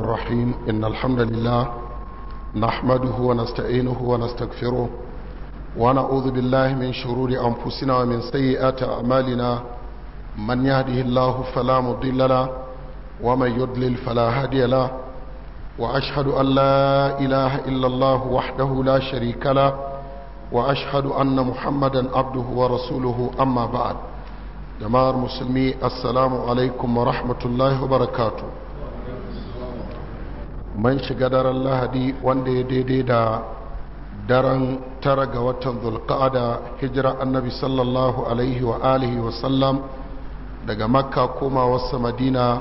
الرحيم إن الحمد لله نحمده ونستعينه ونستغفره ونعوذ بالله من شرور أنفسنا ومن سيئات أعمالنا من يهده الله فلا مضل له ومن يضلل فلا هادي له وأشهد أن لا إله إلا الله وحده لا شريك له وأشهد أن محمدا عبده ورسوله أما بعد jama'ar musulmi assalamu alaikum wa rahmatullahi wa barakatuh man shiga daren lahadi wanda ya daidai da daren tara ga watan da hijira annabi sallallahu alaihi wa alihi wa sallam daga makka koma wasu madina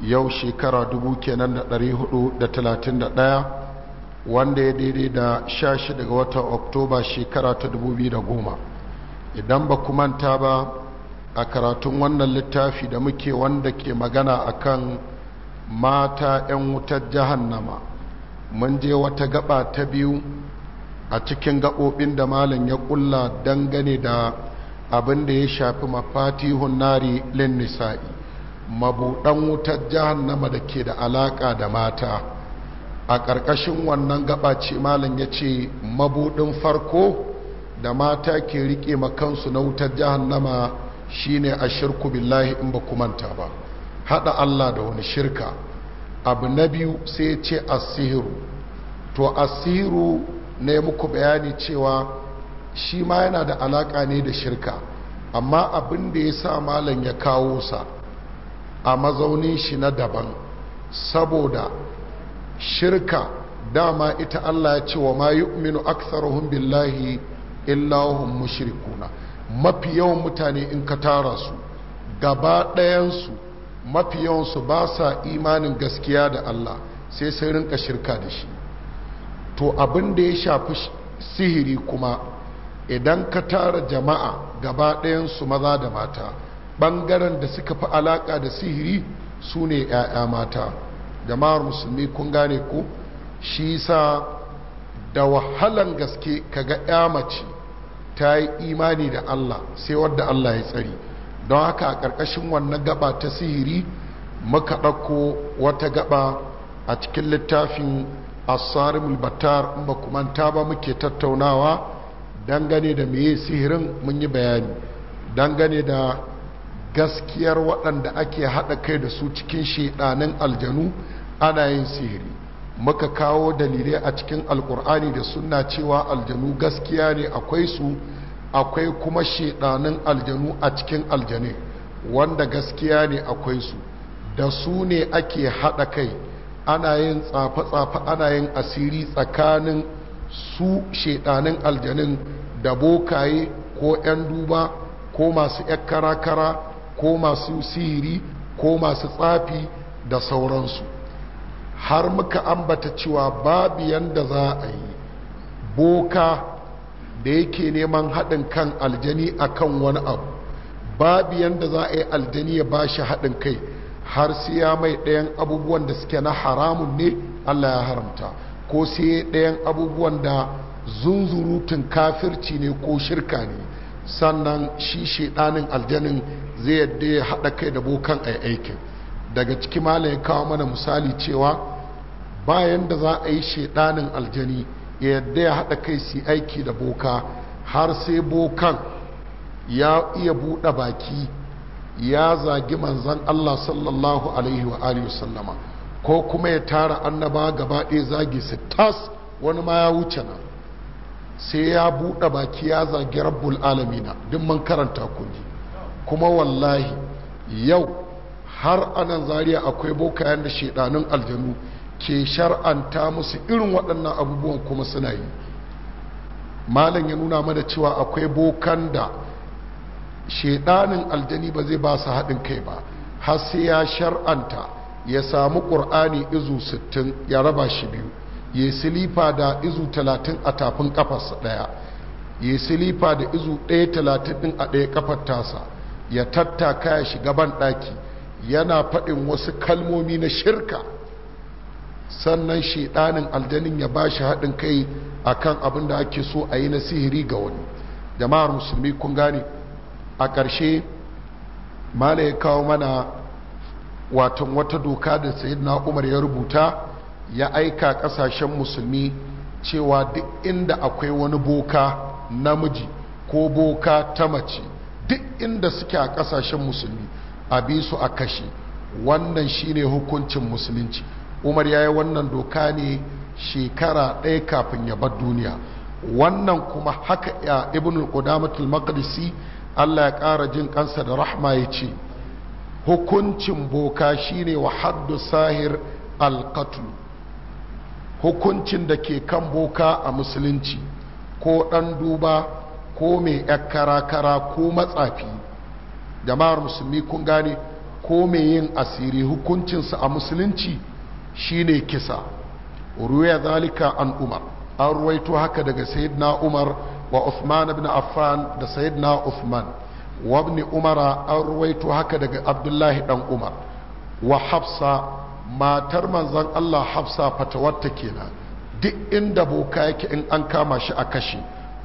yau shekara dubu kenan da ɗari hudu da talatin da ɗaya wanda ya daidai da sha shi daga watan oktoba shekara ta dubu biyu da goma idan ba manta ba a karatun wannan littafi da muke wanda ke magana akan mata 'yan wutar jahannama mun je wata gaba ta biyu a cikin gaɓoɓin da malam ya ƙulla dangane da abin da ya shafi mafatihun nari lin nisa'i mabuɗan wutar jahannama da ke da alaƙa da mata a ƙarƙashin wannan gaba ce malam ya ce mabuɗin farko da mata ke riƙe makansu na wutar jahannama shine ashirku billahi in ba kumanta ba hada Allah da wani shirka abu na biyu sai ya ce asiru to asiru ne muku bayani cewa shi ma yana da alaka ne da shirka amma abin da ya sa malam ya kawo sa a mazaunin shi na daban saboda shirka dama ita Allah ya ce wa ma yu'minu aktharuhum billahi illa hum mushrikuna mafi yawan mutane in ka tara su gaba ɗayansu mafi yawansu ba sa imanin gaskiya da Allah sai sai rinka shirka da shi to abin da ya shafi sihiri kuma idan ka tara jama'a gaba ɗayansu maza da mata ɓangaren da suka fi alaƙa da sihiri su ne 'ya'ya mata jama'ar musulmi kun gane ku? shi sa da wahalan gaske kaga 'ya mace ta yi imani da Allah sai wadda Allah ya tsari don haka a ƙarƙashin wannan gaba ta sihiri muka ɗauko wata gaba a cikin littafin asarimul mulbatar ba ba ta ba muke tattaunawa dangane da meye sihirin mun yi bayani dangane da gaskiyar waɗanda ake haɗa kai da su cikin shaɗanin aljanu ana yin sihiri muka kawo dalilai a cikin Alƙur'ani da suna cewa aljanu gaskiya ne akwai su akwai kuma shedanin aljanu a cikin aljane wanda gaskiya ne akwai su da su ne ake haɗa kai ana yin tsafe-tsafe ana yin asiri tsakanin su shedanin aljanin da bokaye ko 'yan duba ko masu 'yan kara-kara ko masu sihiri ko masu tsafi da sauransu har muka ambata cewa babu yanda za a yi boka da yake neman haɗin kan aljani a kan wani abu babu yadda za a yi aljani ya ba shi haɗin kai har sai ya mai ɗayan abubuwan da suke na haramun ne allah ya haramta ko sai ɗayan abubuwan da zunzurutun kafirci ne ko shirka ne sannan shi shaidanin aljanin zai yadda ya haɗa kai da bokan aikin daga ciki mala ya kawo mana misali cewa bayan da za a yi shaidanin aljani yadda ya haɗa kai su aiki da boka har sai bokan ya iya buɗe baki ya zagi manzan Allah sallallahu alaihi wa sallama ko kuma ya tara annaba gaba ɗaya zagi su tas wani ma ya wuce na sai ya buɗe baki ya zagi rabbul alamina duk man karanta kuji kuma wallahi yau har anan zariya akwai bokayen da shaidanun aljanu ke shar'anta musu irin waɗannan abubuwan kuma suna yi malam ya nuna mana cewa akwai bokan da shaidanin aljani ba zai ba su haɗin kai ba har sai ya shar'anta ya samu ƙur'ani izu 60 ya raba shi biyu ya silifa da izu 30 a tafin kafarsa ɗaya ya silifa da izu 130 ɗin a ɗaya kafar tasa ya tattaka ya shiga ban ɗaki yana faɗin wasu kalmomi na shirka sannan shedanin aljanin ya ba shi haɗin kai a kan abin da ake so a yi na sihiri ga wani jama'ar musulmi kun gane a ƙarshe mala ya kawo mana watan wata doka da na umar ya rubuta ya aika ƙasashen musulmi cewa duk inda akwai wani boka namiji ko boka ta mace duk inda suke a ƙasashen musulmi a bi su a kashe wannan shine hukuncin musulunci umar ya yi wannan doka ne shekara ɗaya kafin ya bar duniya wannan kuma haka ya ibn qudamatul maqdisi Allah ya ƙara jin kansa da rahma ya ce hukuncin boka shine wa haddu sahir alqatl hukuncin da ke kan boka a musulunci ko ɗan duba ko mai kara-kara ko matsafi jama'ar musulmi kun gane ko mai yin asiri hukuncinsa a musulunci shine kisa ruwaya zalika an umar an ruwaito haka daga sayyidina umar wa usman ibn Affan da sayyidina usman wa ibn Umara an ruwaito haka daga Abdullahi dan Umar wa Hafsa matar manzon Allah Hafsa fatawarta kenan duk inda boka yake in an kama shi a kashi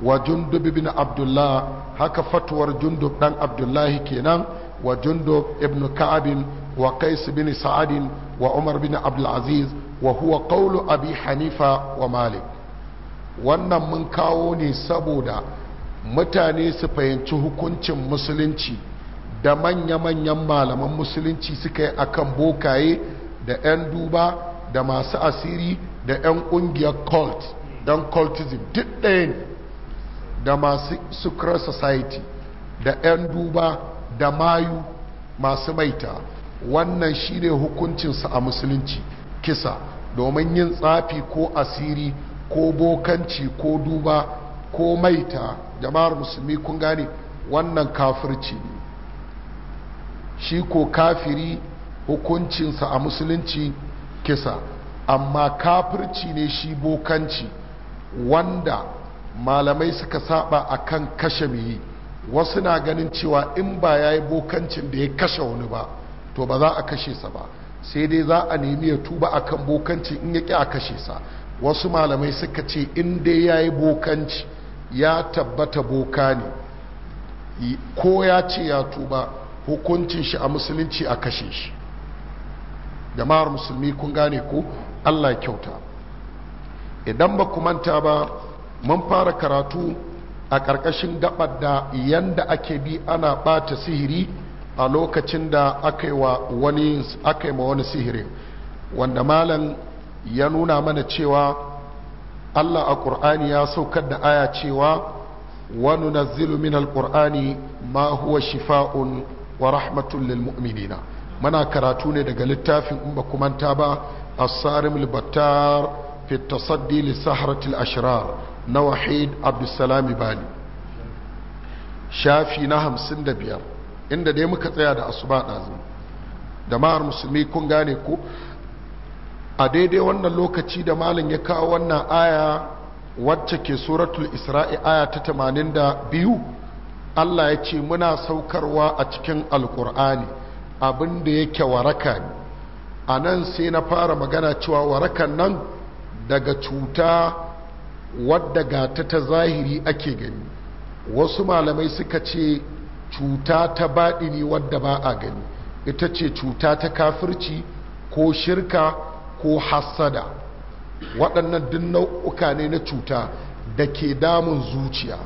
wa Jundub ibn Abdullah haka fatuwar Jundub dan Abdullahi kenan وجندب ابن كعب وقيس بن سعد وعمر بن عبد العزيز وهو قول أبي حنيفة ومالك wannan mun kawo ne saboda mutane su fahimci hukuncin musulunci da manya-manyan malaman musulunci suka yi akan bokaye da 'yan duba da masu asiri da 'yan kungiyar cult don cultism duk ɗaya da masu sucre society da 'yan duba da mayu masu maita wannan shine hukuncinsa a musulunci kisa domin yin tsafi ko asiri ko bokanci ko duba ko maita jama'ar musulmi kun gane wannan kafirci ne shi ko kafiri hukuncinsa a musulunci kisa amma kafirci ne shi bokanci wanda malamai suka saba kan kashe mai yi wasu na ganin cewa in ba ya yi bokancin da ya kashe wani ba to ba za a kashe sa ba sai dai za a nemi ya tuba a kan bokanci in ya ƙi a kashe sa wasu malamai suka ce in dai ya yi bokanci ya tabbata boka ne ko ya ce ya tuba hukuncin shi a musulunci a kashe shi jama'ar musulmi kun gane ko allah kyauta idan ba ku manta ba mun fara karatu a ƙarƙashin gabar da yanda ake bi ana ɓata sihiri a lokacin da aka yi wa wani ma wani sihiri wanda malam ya nuna mana cewa Allah a ƙur'ani ya saukar da aya cewa wani nazilu min alƙur'ani ma huwa shifa'un wa rahmatun lil mu'minina muna karatu ne daga littafin in ba kumanta ba asarim libattar fi tasaddi li saharatil ashrar na wahid abdulsalami bali shafi na hamsin da biyar inda dai muka tsaya da asuba ɗazu da ma'ar musulmi kun gane ku a daidai wannan lokaci da malin ya kawo wannan aya wacce ke suratul isra'i aya ta tamanin da biyu allah ya ce muna saukarwa a cikin alkur'ani abinda yake waraka ne a nan sai na fara magana cewa warakan nan daga cuta wadda gata ta zahiri ake gani wasu malamai suka ce cuta ta baɗi ne wadda ba a gani ita ce cuta ta kafirci ko shirka ko hassada waɗannan duk nau'uka ne na cuta da ke damun zuciya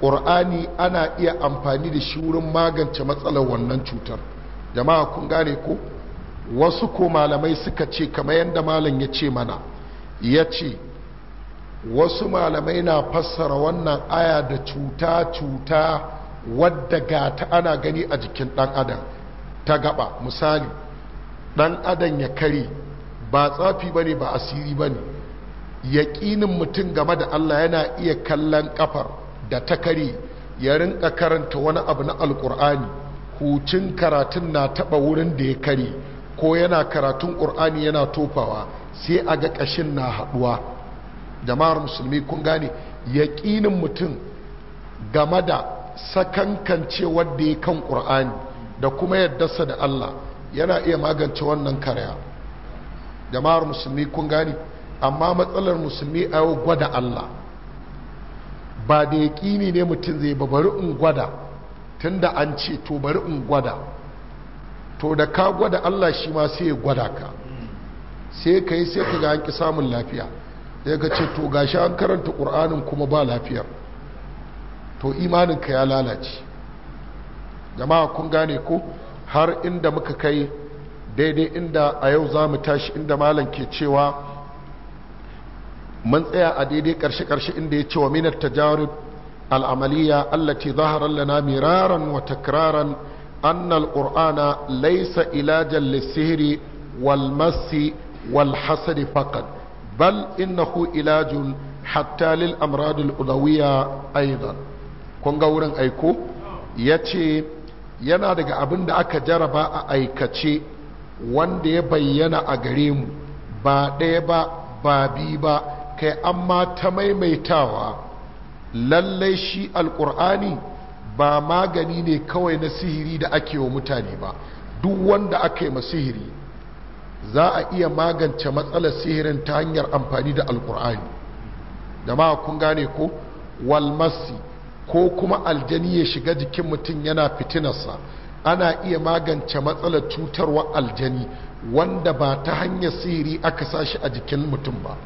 ƙur'ani ana iya amfani da shi wurin magance matsalar wannan cutar jama'a kun gane ko wasu ko malamai suka ce kamar yadda malam ya ce mana ya ce wasu malamai na fassara wannan aya da cuta-cuta wadda ga ta ana gani a jikin ɗan adam ta gaba misali ɗan adam ya kare ba tsafi ba ne ba asiri ba ne yaƙinin mutum game da allah yana iya kallon ƙafar da ta kare ya rinka karanta wani abu na alƙur'ani hucin karatun na taɓa wurin da ya kare ko yana karatun ƙur'ani yana tofawa sai a ga ƙashin na haɗuwa jama'ar musulmi kun gane yaƙinin mutum game da sakankance wadda ya kan ƙur'ani da kuma sa da Allah yana iya magance wannan karya jama'ar musulmi kun gane amma matsalar musulmi a yau gwada Allah ba da yaƙini ne mutum zai ba bari in gwada tun da an ce to bari in gwada to da ka gwada Allah shi ma sai ya gwada ka sai ka yi sai ka ga an ƙi samun lafiya ya ga ce to gashi an karanta ƙur'anin kuma ba lafiyar to imaninka ya lalace jama'a kun gane ko har inda muka kai daidai inda a yau za mu tashi inda malam ke cewa mun tsaya a daidai ƙarshe-ƙarshe inda ya ce wa minar tajarib al'amaliya allati zaharar lana miraran wa takraran laisa القرآن ليس إلاجا للسهر والمس والحسد فقط bal innahu علاج hatta lil amradul udawiyya aidan kun ga wurin aiko yace yana daga abin da aka jaraba a aikace wanda ya bayyana a gare mu ba ɗaya ba ba bi ba kai amma ta maimaitawa lallai shi alƙur'ani ba magani ne kawai na sihiri da ake wa mutane ba duk wanda aka yi sihiri za a iya magance matsalar sihirin ta hanyar amfani da alkur'ani da ma kun gane ko walmasi ko kuma aljani ya shiga jikin mutum yana fitinarsa ana iya magance matsalar cutarwa aljani wanda ba ta hanyar sihiri aka sashi a jikin mutum ba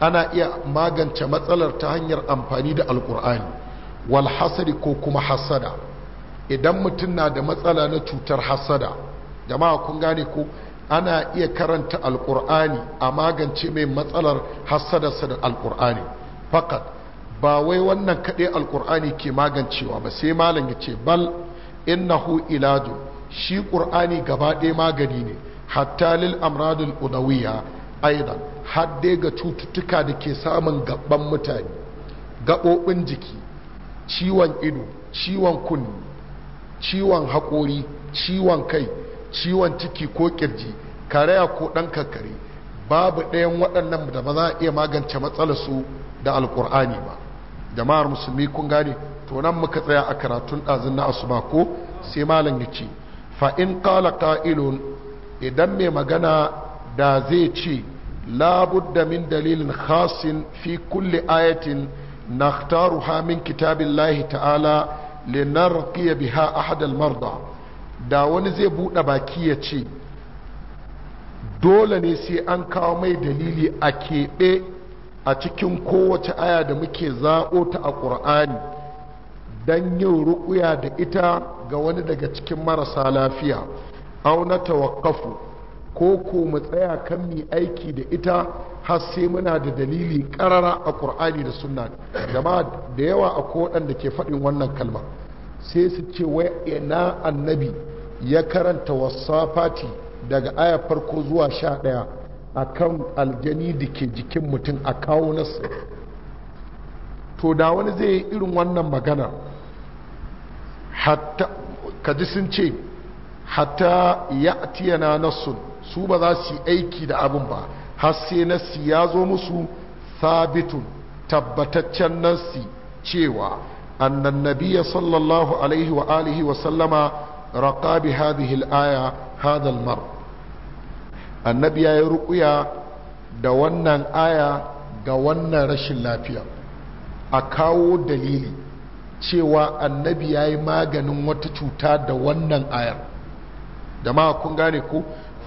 ana iya magance matsalar ta hanyar amfani da alkur'ani walhasari ko kuma hasada idan mutum na da matsala na cutar hasada jama'a kun gane ko ana iya karanta alkur'ani a magance mai matsalar hassadarsa da alkur'ani fakat ba wai wannan kaɗai alkur'ani ke magancewa ba sai malam ya ce bal innahu ilaju shi ƙur'ani gaba ɗaya magani ne hatta lil amradul udawiya aidan hadde ga cututtuka da ke samun gaban mutane gaɓoɓin jiki ciwon ido ciwon kunni ciwon haƙori ciwon kai ciwon ciki ko kirji karaya ko ɗan kakkare babu ɗayan waɗannan da ba za a iya magance matsalarsu da alƙur'ani ba jama'ar musulmi kun gane to nan muka tsaya a karatun ɗazin na asuba ko sai malam ya ce fa in qala qa'ilun idan mai magana da zai ce labudda min dalilin khasin fi kulli ayatin nakhtaruha min kitabillahi ta'ala linarqiya biha ahad al-marda da wani zai buɗe baki ya ce dole ne sai an kawo mai dalili a keɓe a cikin kowace aya da muke zaɓo ta a ƙur'ani don yin ruƙuya da ita ga wani daga cikin marasa lafiya auna tawakkafu ko ko mu tsaya kan mi aiki da ita har sai muna da dalili ƙarara a ƙur'ani da sunna jama'a da yawa a waɗanda ke faɗin wannan kalma sai su ce wai ina annabi ya karanta fati daga aya farko zuwa sha ɗaya a kan aljani da ke jikin mutum a kawo nasu to da wani zai yi irin wannan magana hatta kaji sun ce hatta ya tiyana nasu su ba za su yi aiki da abin ba har sai nasi ya zo musu sabitun tabbataccen nasi cewa annan nabiya sallallahu alaihi wa alihi wa sallama رقى بهذه الآية هذا ruƙuya da wannan aya ga wannan rashin lafiya a kawo دليلي cewa annabi ya yi maganin wata cuta da wannan ayar da kun gane ku?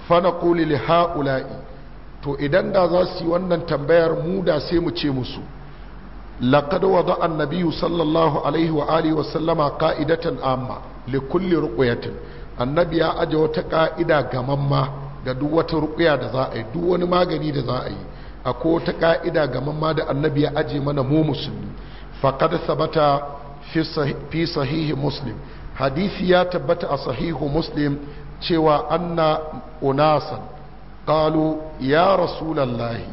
fana li ha'ula'i to idan da za su yi wannan tambayar mu da sai mu ce musu laqad wada annabi sallallahu alaihi wa wa sallama ka'idatan amma likulli ruqyatin annabi ya aje wata ka'ida gamamma ga duk wata ruqya da za a yi duk wani magani da za a yi wata ka'ida gamamma da annabi ya aje mana mu musulmi faqad sabata fi sahihi muslim hadisi ya tabbata a sahihu muslim cewa anna unasan qalu ya rasulallahi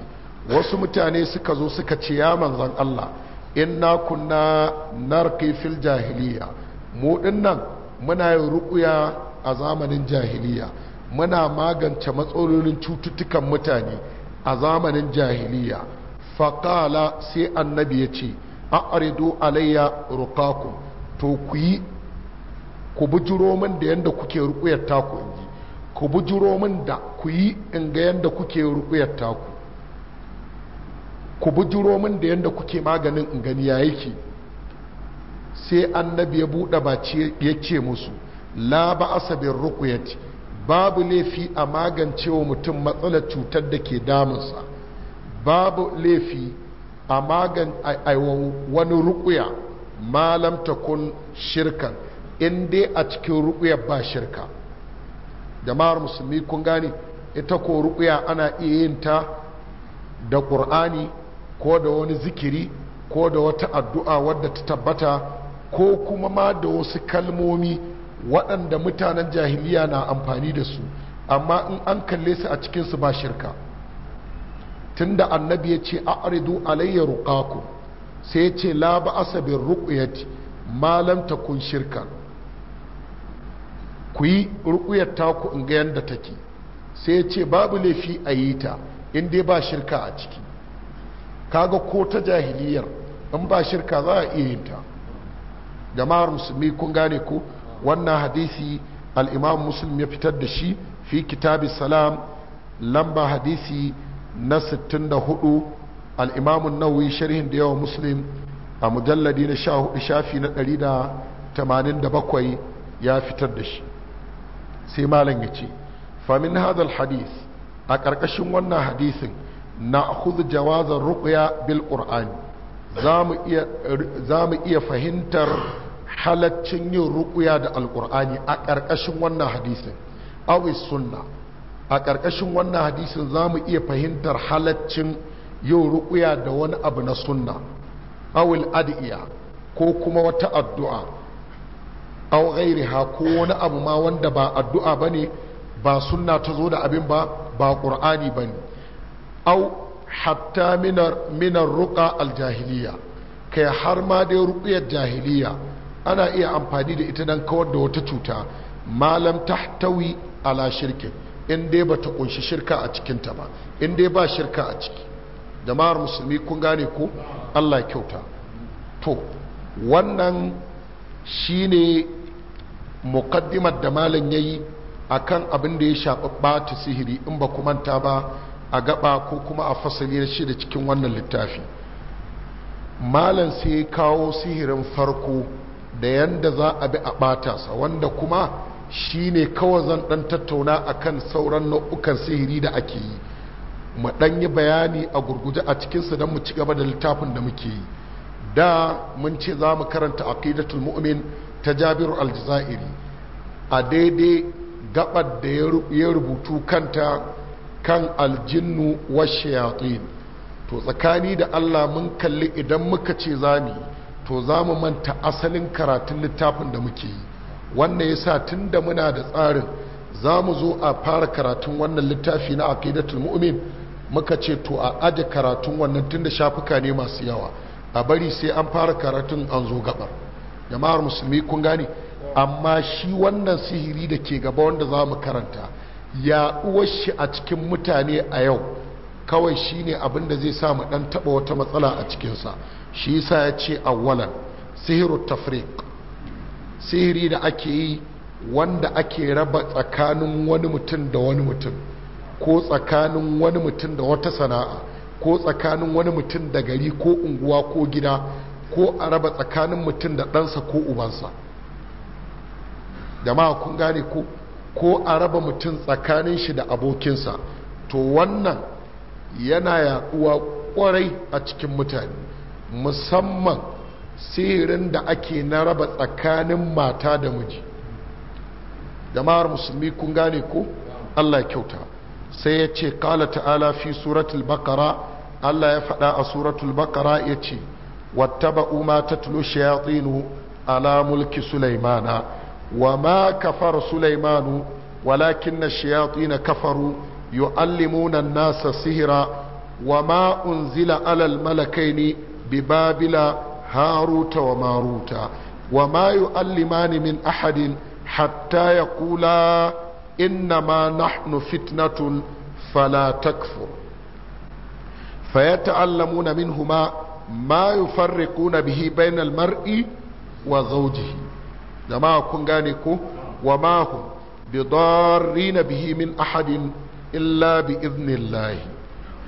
wasu mutane suka zo suka ce ya manzon Allah inna kunna narqi fil jahiliya mu dinnan muna yin rukuya a zamanin jahiliya muna magance matsalolin cututtukan mutane a zamanin jahiliya faƙala sai annabi ya ce a'aridu alayya rukaku to ku yi ku bujiro min da yadda kuke rukuyar taku in yi ku bujiro min da ku yi in ga yadda kuke rukuyar taku ku bujiro min da yadda kuke maganin in gani ya yake sai annabi ya buɗe baci ya ce musu la ba asabin rukuyati babu laifi a magancewa mutum matsalar cutar da ke damunsa babu laifi a magan wani rukuya malam takun shirkan in dai a cikin rukuyar ba shirka jama'ar musulmi kun gane ita ko rukuya ana iya yin ta da ƙur'ani ko da wani zikiri ko da wata addu'a wadda ta tabbata ko kuma ma da wasu kalmomi waɗanda mutanen jahiliya na amfani da su amma in an kalle su a cikinsu ba shirka tunda annabi ya ce a'ridu alayya ruqaku sai ya ce la ba bir ruqyati malam ta kun shirka ku yi ruqyar taku in ga yanda take sai ya ce babu laifi a yi ta in dai ba shirka a ciki kaga ko ta jahiliyar in ba shirka za a iya yin ta jama'ar musulmi kun gane ko wannan hadisi al'imam muslim ya fitar da shi fi kitabi salam lamba hadisi na 64 al'imamun nawawi sharhin da yawa muslim a mujalladi na shafi na 187 ya fitar da shi sai malam ya ce famin hadal hadis a ƙarƙashin wannan hadisin na huzu jawazan ruƙuya bil ƙur'ani za mu iya fahimtar halaccin yin rukuya da alƙur'ani a ƙarƙashin wannan hadisin awis sunna a ƙarƙashin wannan hadisin za mu iya fahimtar halaccin yin rukuya da wani abu na sunna awil adiya ko kuma wata addu'a aw riha ko wani abu ma wanda ba addu'a ba ne ba sunna ta zo da abin ba ba ba bane aw hatta minar rukuya aljahiliya kai har ma dai rukuya jahiliya ana iya amfani da ita don kawar da wata cuta malam tawi ala shirkin in dai ba ta kunshi shirka a cikinta ba in dai ba shirka a ciki Da mawar musulmi kun gane ko allah kyauta to wannan shi ne mukaddimar da malam ya yi a kan abin da ya shafi ta sihiri in ba manta ba a gaba ko kuma a fasali shi da cikin wannan littafi malam sai ya kawo sihirin farko da yanda za a bi a ɓata sa wanda kuma shi ne kawai zan ɗan tattauna akan sauran nau'ukan sihiri da ake yi mu ɗan yi bayani a gurguje a cikinsu don mu ci gaba da littafin da muke yi da mun ce za mu karanta aqidatul mu'min ta jabiru aljazairi a daidai gabar da ya rubutu kanta kan aljinnu wa shayatin to tsakani da allah mun kalli idan muka ce yi to za mu manta asalin karatun littafin da muke yi wannan ya sa tun da muna da tsarin za mu zo a fara karatun wannan littafi na aqidatul mu'min muka ce to a aje karatun wannan tun da shafuka ne masu yawa a bari sai an fara karatun an zo gabar jama'ar musulmi kun gane amma shi wannan sihiri da ke gaba wanda za mu karanta ya shi a cikin mutane a yau kawai shine abin da zai sa mu dan taba wata matsala a cikinsa shi sa ya ce awwalan sihiru tafrik sihiri da ake yi wanda ake raba tsakanin wani mutum da wani mutum ko tsakanin wani mutum da wata sana'a ko tsakanin wani mutum da gari ko unguwa ko gida ko a raba tsakanin mutum da ɗansa ko ubansa jama'a kun gane ko ko a raba mutum tsakanin shi da abokinsa to wannan yana yaɗuwa kwarai a cikin mutane musamman sihirin da ake na raba tsakanin mata da miji jama'ar musulmi kun gane ko allah kyauta sai ya ce kala ta'ala fi suratul bakara allah ya faɗa a suratul bakara ya ce wattaba ta tulo shayatsinu ala mulki sulaimana wa ma kafar sulaimanu walakin ash-shayatin kafaru yi allimunan nasa sihira. wa ma unzila alal ne? ببابل هاروت وماروت وما يؤلمان من أحد حتى يقولا إنما نحن فتنة فلا تكفر فيتعلمون منهما ما يفرقون به بين المرء وزوجه جماعة كنغانيكو وما هم بضارين به من أحد إلا بإذن الله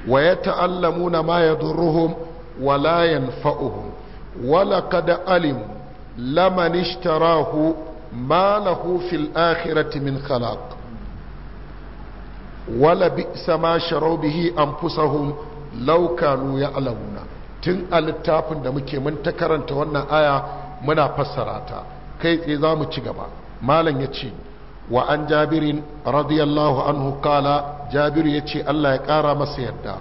ويتعلمون ما يضرهم ولا ينفعهم ولقد علم لمن اشتراه ما له في الآخرة من خلاق ولبئس ما شروا به أنفسهم لو كانوا يعلمون تن التافن da muke mun ta karanta wannan aya muna fassara ta kai tsaye za mu ci gaba malam ya ce wa an jabirin radiyallahu anhu kala jabiru ya ce allah ya ƙara masa yadda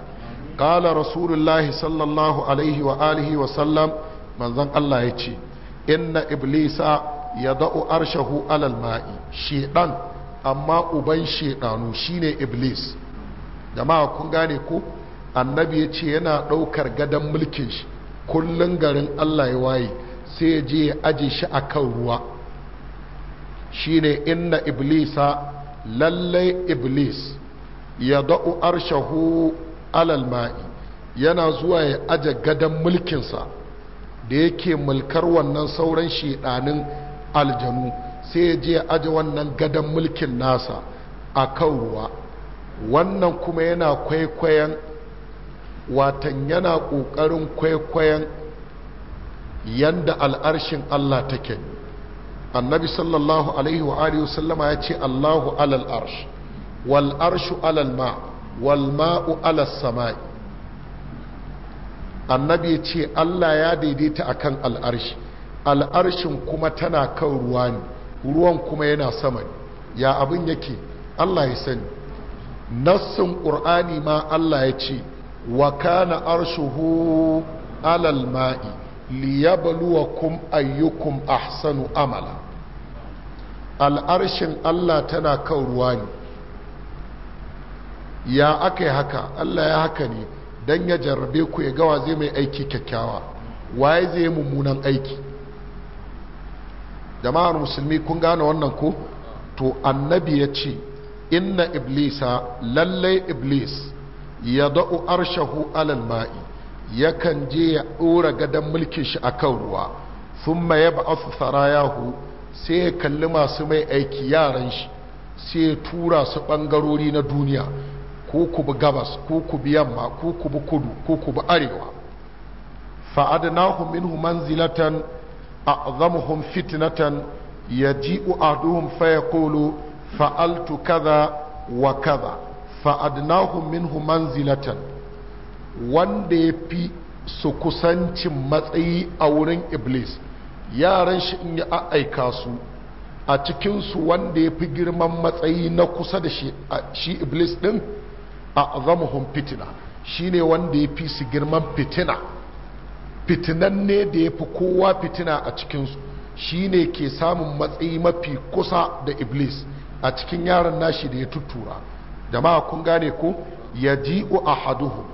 qala rasulullahi sallallahu alaihi wa alihi wa sallam manzon Allah ya ce inna iblisa ya da'u arshahu alal ma'i shedan amma uban shedanu shine iblis jama'a kun gane ko annabi ya ce yana ɗaukar gadon mulkin shi kullun garin Allah ya waye sai ya je ya aje shi a kan ruwa shine inna iblisa lallai iblis ya da'u arshahu alal yana zuwa ya aje gadon mulkinsa da yake mulkar wannan sauran shedanin aljanu sai ya je ya aje wannan gadon mulkin nasa a kan ruwa wannan kuma yana kwaikwayon watan yana ƙoƙarin kwaikwayon yanda al'arshin Allah take annabi sallallahu alaihi wa alihi ya ce Allahu alal arsh wal arshu alal ma' Walma'u ma'u ala sama'i annabi ce Allah ya daidaita akan al'arshi al'arshin kuma tana kan ruwa ne ruwan kuma yana sama ne ya abin yake Allah ya sani nassin ƙur'ani ma Allah ya ce wa kana arshuhu alal ma'i kum ayyukum ahsanu amala al'arshin Allah tana kan ruwa ne ya aka yi haka allah ya haka ne don ya jarrabe ku ya gawa zai mai aiki kyakkyawa waye zai yi mummunan aiki jama'ar musulmi kun gane wannan ko to annabi ya ce inna iblisa lallai iblis ya da'u arshahu alal ma'i yakan je ya ɗora gadon mulkin shi a kan ruwa sun ma ya ba'asu yahu, sai ya kalli masu mai aiki yaran shi sai ya tura su ɓangarori na duniya Ko ku bi gabas ko ku bi yamma ko ku bi kudu ko ku bi arewa fa adnahum minhu manzilatan a'zamuhum fitnatan yaji'u u'aduhun fa yaqulu fa'altu kaza wa kaza fa adnahum minhu manzilatan wanda ya fi su kusancin matsayi a wurin iblis yaran shi in ya aika su a cikinsu wanda ya fi girman matsayi na kusa da shi iblis din a'zamuhum fitna shine wanda ya fi su girman fitina fitinan ne da ya fi kowa fitina a cikinsu shine ke samun matsayi mafi kusa da iblis a cikin yaron nashi da ya tuttura jama'a kun gane ko ya ji'u ahaduhu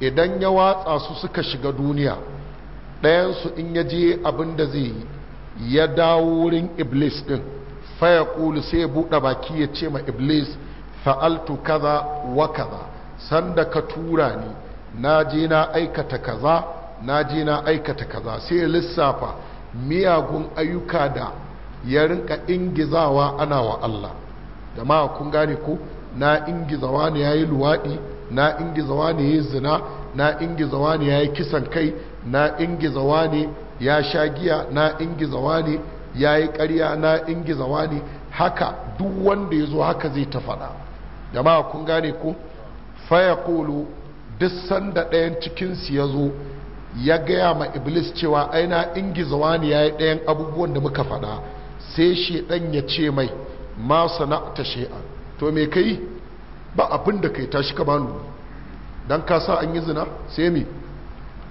idan ya watsa su suka shiga duniya su in ya je abin da zai yi ya dawo wurin iblis ɗin faya ƙulu sai ya buɗe baki ya ce ma iblis fa'altu kaza wa kaza sanda ka tura ni na je na aikata kaza na je na aikata kaza sai lissafa miyagun ayyuka da ya rinka ingizawa ana wa Allah jama'a kun gane ku, na ingizawa ne yi luwaɗi, na ingizawa ne yi zina na ingizawa ne yi kisan kai na ingizawa ne ya sha giya na ingizawa ne yi ƙarya na ingizawa ne haka duk wanda ya zo haka zai ta faɗa jama'a kun gane ko faya kulu duk sanda ɗayan cikinsu ya zo ya gaya ma iblis cewa aina ingizawa ne ya yi ɗayan abubuwan da muka faɗa sai shi ɗan ya ce mai ma sana'ata shi'a to me ka yi ba abin da ka yi tashi ka banu don ka sa an yi zina sai me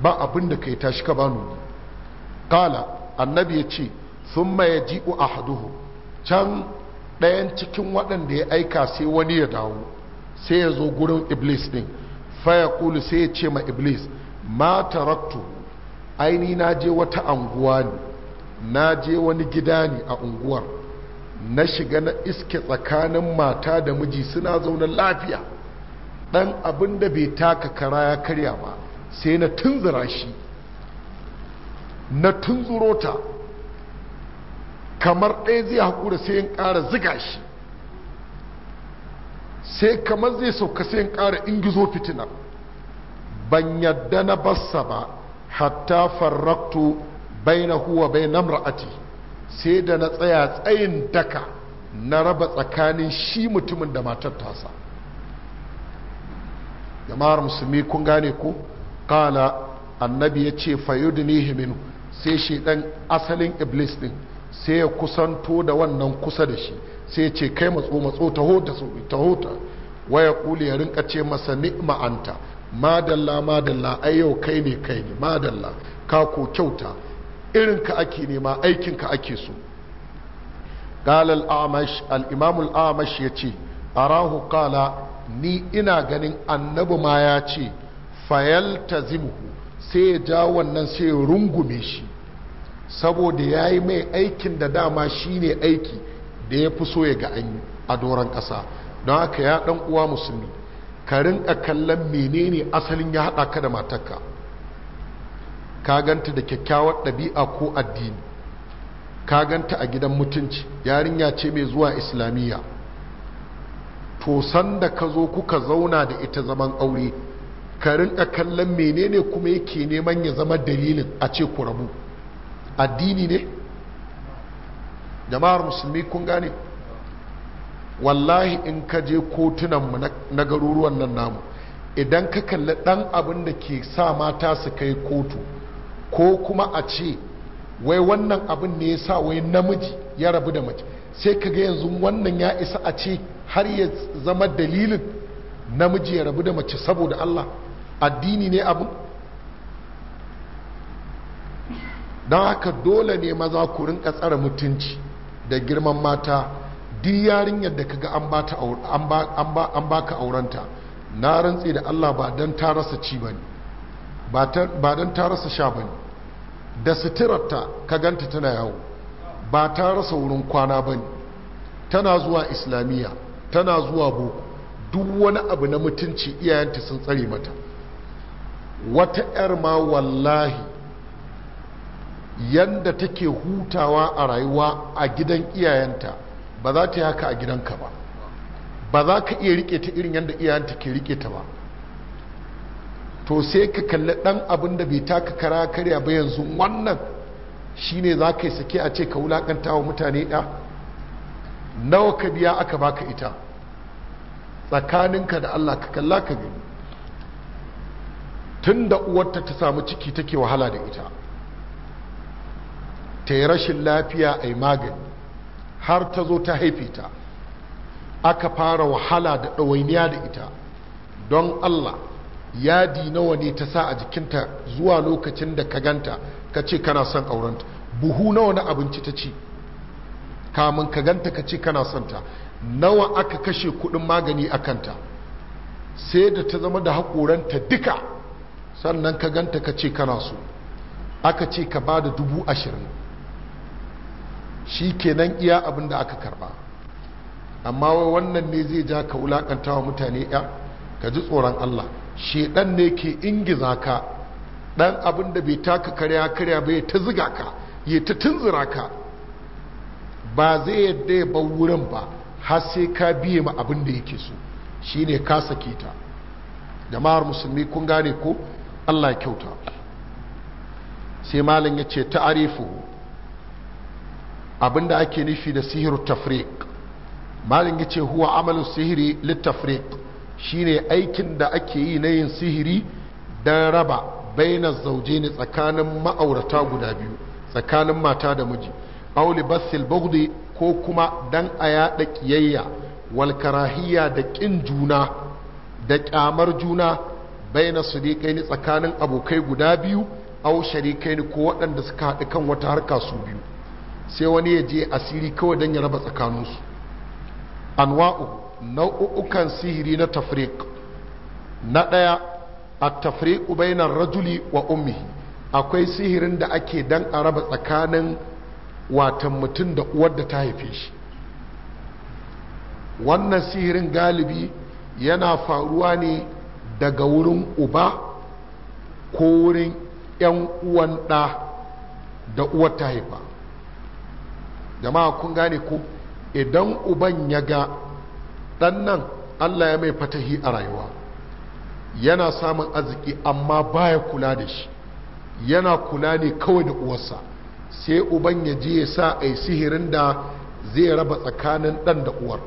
ba abin da ka yi tashi ka banu kala annabi ya ce sun ma ya ji'u haduhu can ɗayan cikin waɗanda ya aika sai wani ya dawo sai ya zo gurin iblis ɗin faya kulu sai ya ce ma iblis ma taraktu aini na je wata anguwa ne na je wani gida ne a unguwar na shiga na iske tsakanin mata da miji suna zaune lafiya ɗan abin da bai taka kara ya karya ba sai na tunzura shi na tunzuro ta kamar ɗaya zai haƙura sai yin ƙara ziga shi sai kamar zai sauka sai yin ƙara ingizo fitina ban yadda na bassa ba hatta farraktu bai na huwa bai na mra'ati sai da na tsaya tsayin daka na raba tsakanin shi mutumin da matar tasa jama'ar musulmi kun gane ko kala annabi ya ce fayudnihi Himinu, sai shi ɗan asalin iblis ɗin sai ya kusanto da wannan kusa da shi sai ya ce kai matso matso taho taho ta waya kuli ya rinka ce masa ni'ma anta madalla madalla ai yau kai ne kai ne madalla ka ko kyauta irin ka ake nema aikin ka ake so qala al-amash al-imam al-amash yace arahu qala ni ina ganin annabi ma ya ce fayaltazimuhu sai ya ja wannan sai ya rungume shi saboda ya yi mai aikin da dama shi ne aiki da ya fi so ga an a doron ƙasa don haka ya ɗan uwa musulmi ka rinka kallon menene asalin ya haɗa ka da matarka ka ganta da kyakkyawar ɗabi'a ko addini ka ganta a gidan mutunci yarinya ce mai zuwa islamiyya to sanda ka zo kuka zauna da ita zaman aure ka rinka kallon menene kuma yake neman ya zama dalilin a ce ku rabu addini ne jama'ar musulmi kun gane wallahi in ka je kotunanmu na garuruwan nan namu idan ka kalli ɗan abin da ke sa mata su kai kotu ko kuma a ce wai wannan abin ne ya sa wai namiji ya rabu da mace sai ka ga yanzu wannan ya isa a ce har ya zama dalilin namiji ya rabu da mace saboda Allah addini ne abin don haka dole ne maza ku rinka tsara mutunci da girman mata duk yarinyar da kaga an baka aurenta na rantse da Allah ba dan ta rasa ci bane ba don ta rasa sha bane da suturarta ka ganta tana yawo ba ta rasa wurin kwana bane tana zuwa islamiyya tana zuwa boko duk wani abu na mutunci iyayenta sun tsare mata wata 'yar ma wallahi yanda take hutawa a rayuwa a gidan iyayenta ba za ta yi haka a gidanka ba ba za ka iya rike ta irin yadda iyayenta ke rike ta ba to sai ka kalli dan abin da bai taka kara karya ba yanzu wannan shine za ka yi sake a ce ka wulakanta wa mutane ɗa nawa ka biya aka baka ita tsakaninka da allah ka kalla ka gani tun da uwarta ta samu ciki take wahala da ita ta yi rashin lafiya a yi magani har ta zo ta haife ta aka fara wahala da ɗawainiya da ita don Allah yadi nawa ne ta sa a jikinta zuwa lokacin da ka ganta ka ce kana son aurenta buhu nawa na abinci ta ci kamun ka ganta ka ce kana son ta nawa aka kashe kuɗin magani a kanta sai da ta zama da haƙoranta duka sannan ka ganta ka ce kana so aka ce ka ba da dubu ashirin shi kenan iya abin da aka karba amma wannan ne zai ja ka wulakanta wa mutane ya ka ji tsoron Allah shedan ne ke ingiza ka dan abin da bai taka karya karya ba ya ta ziga ka ya ta tunzura ka ba zai yadda ya bar wurin ba har sai ka biye ma abin da yake so shine ka sake ta jama'ar musulmi kun gane ko Allah ya kyauta sai malam ya ce ta ta'arifu abinda ake nufi da sihir tafriq malin yace huwa amalu sihiri littafriq shine aikin da ake yi na yin sihiri dan raba bainar zauje ne tsakanin ma'aurata guda biyu tsakanin mata da miji auli basil bugdi ko kuma dan a ƙiyayya wal karahiyya da ƙin juna da ƙyamar juna baina sadiqai ni tsakanin abokai guda biyu au sharikai ko waɗanda suka haɗu kan wata harka su biyu sai wani ya je asiri kawai don ya raba tsakaninsu anwa'u nau'ukan sihiri na tafrik na ɗaya a tafriqu bainar rajuli wa ummi akwai sihirin da ake dan a raba tsakanin watan mutum da uwar da ta haife shi wannan sihirin galibi yana faruwa ne daga wurin uba ko wurin 'yan uwan da uwar ta haifa jama'a kun gane ko idan uban ya ga 'dan nan allah ya mai fatahi a rayuwa yana samun arziki amma baya kula da shi yana kula ne kawai da uwarsa sai uban ya je ya sa a sihirin da zai raba tsakanin dan da uwar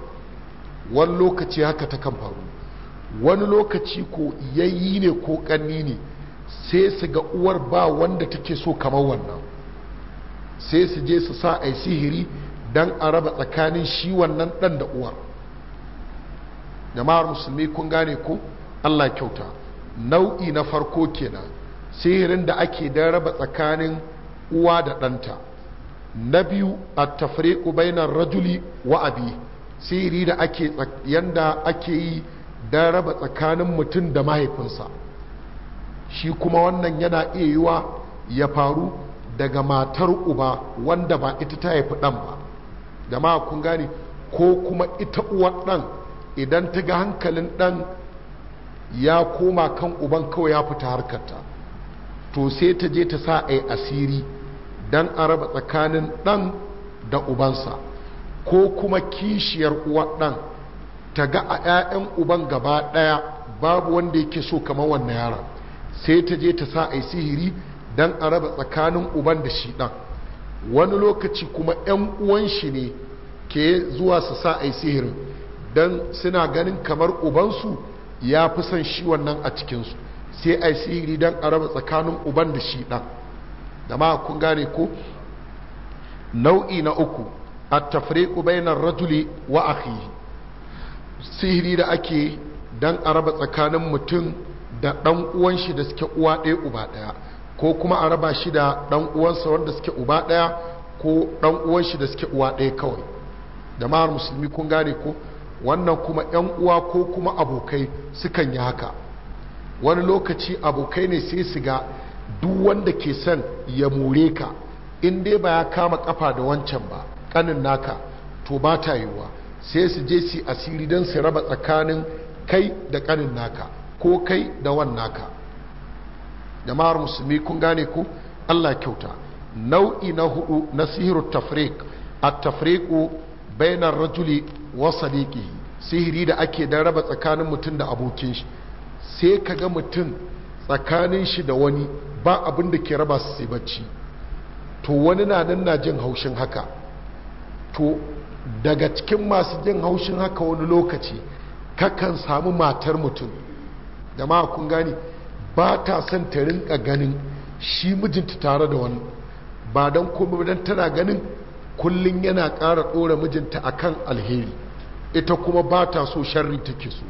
wani lokaci haka ta kan faru wani lokaci ko yayi ne ko ƙanni ne sai su ga uwar ba wanda take so kamar wannan sai su je su sa a sihiri don a raba tsakanin shi wannan dan da uwar jama'ar musulmi kun gane ko allah kyauta nau'i na farko kenan sihirin da ake don raba tsakanin uwa da ɗanta na biyu a tafriku bainar rajuli wa abi sihiri da ake yanda ake yi don raba tsakanin mutum da mahaifinsa shi kuma wannan yana iya yiwa ya faru daga matar uba wanda ba ita ta haifi ɗan ba jama'a kun gane ko kuma ita uwar ɗan idan ta ga hankalin ɗan ya koma kan uban kawai ya fita harkarta to sai ta je ta sa a asiri don a raba tsakanin ɗan da ubansa ko kuma kishiyar uwar ɗan ta ga a 'ya'yan uban gaba ɗaya babu wanda yake so kamar wannan yaran sai ta je ta sa a sihiri Dan a raba tsakanin uban da shi ɗan wani lokaci kuma 'yan uwan shi ne ke zuwa su sa a sihirin dan suna ganin kamar ubansu ya fi san shi wannan a cikinsu sai a sihiri dan a raba tsakanin uban da shi ɗan da ma kun gane ko nau'i na uku a tafriku bainar rajuli wa akhihi sihiri da ake dan a raba tsakanin mutum da ɗan uwan shi da suke uwa ɗaya uba ɗaya ko kuma a raba shi da ɗan uwansa wanda suke uba ɗaya ko ɗan uwan shi da suke uwa ɗaya kawai Da jama'ar musulmi kun gane ko wannan kuma yan uwa ko kuma abokai sukan yi haka wani lokaci abokai ne sai su ga duk wanda ke son ya more ka in dai ba ya kama kafa da wancan ba kanin naka to ba ta yiwuwa sai su je su asiri don su raba tsakanin kai da kanin naka ko kai da wannan naka jama'ar musulmi kun gane ku Allah kyauta nau'i na hudu na sihiru tafriq at-tafriqu bayna rajuli wa sadiqihi sihiri da ake dan raba tsakanin mutum da abokin shi sai kaga mutum tsakanin shi da wani ba abin da ke raba su sai bacci to wani na nan na jin haushin haka to daga cikin masu jin haushin haka wani lokaci kakan samu matar mutum jama'a kun gani ba ta son ta rinka ganin shi mijinta tare da wani ba don komai don tana ganin kullum yana ƙara ɗora mijinta a kan alheri ita kuma ba ta so sharri take so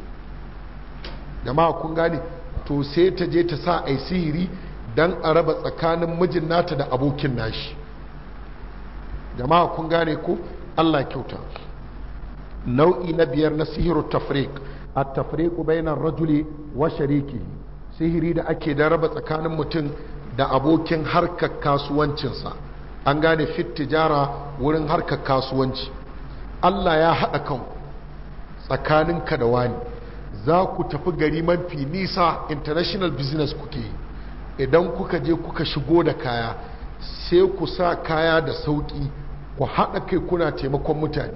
jama'a kun gane to sai ta je ta sa ai sihiri don a raba tsakanin mijin nata da abokin nashi jama'a kun gane ko allah kyauta nau'i na biyar na sihiru tafrik a tafrik bainar rajuli wa shariki sihiri da ake da raba tsakanin mutum da abokin harkar kasuwancinsa an gane fit tijara wurin harkar kasuwanci Allah ya haɗa kan tsakaninka da wani za ku tafi gari mafi nisa international business kuke ke idan kuka je kuka shigo da kaya sai ku sa kaya da sauƙi ku haɗa kai kuna taimakon mutane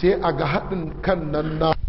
sai a ga haɗin kan nan na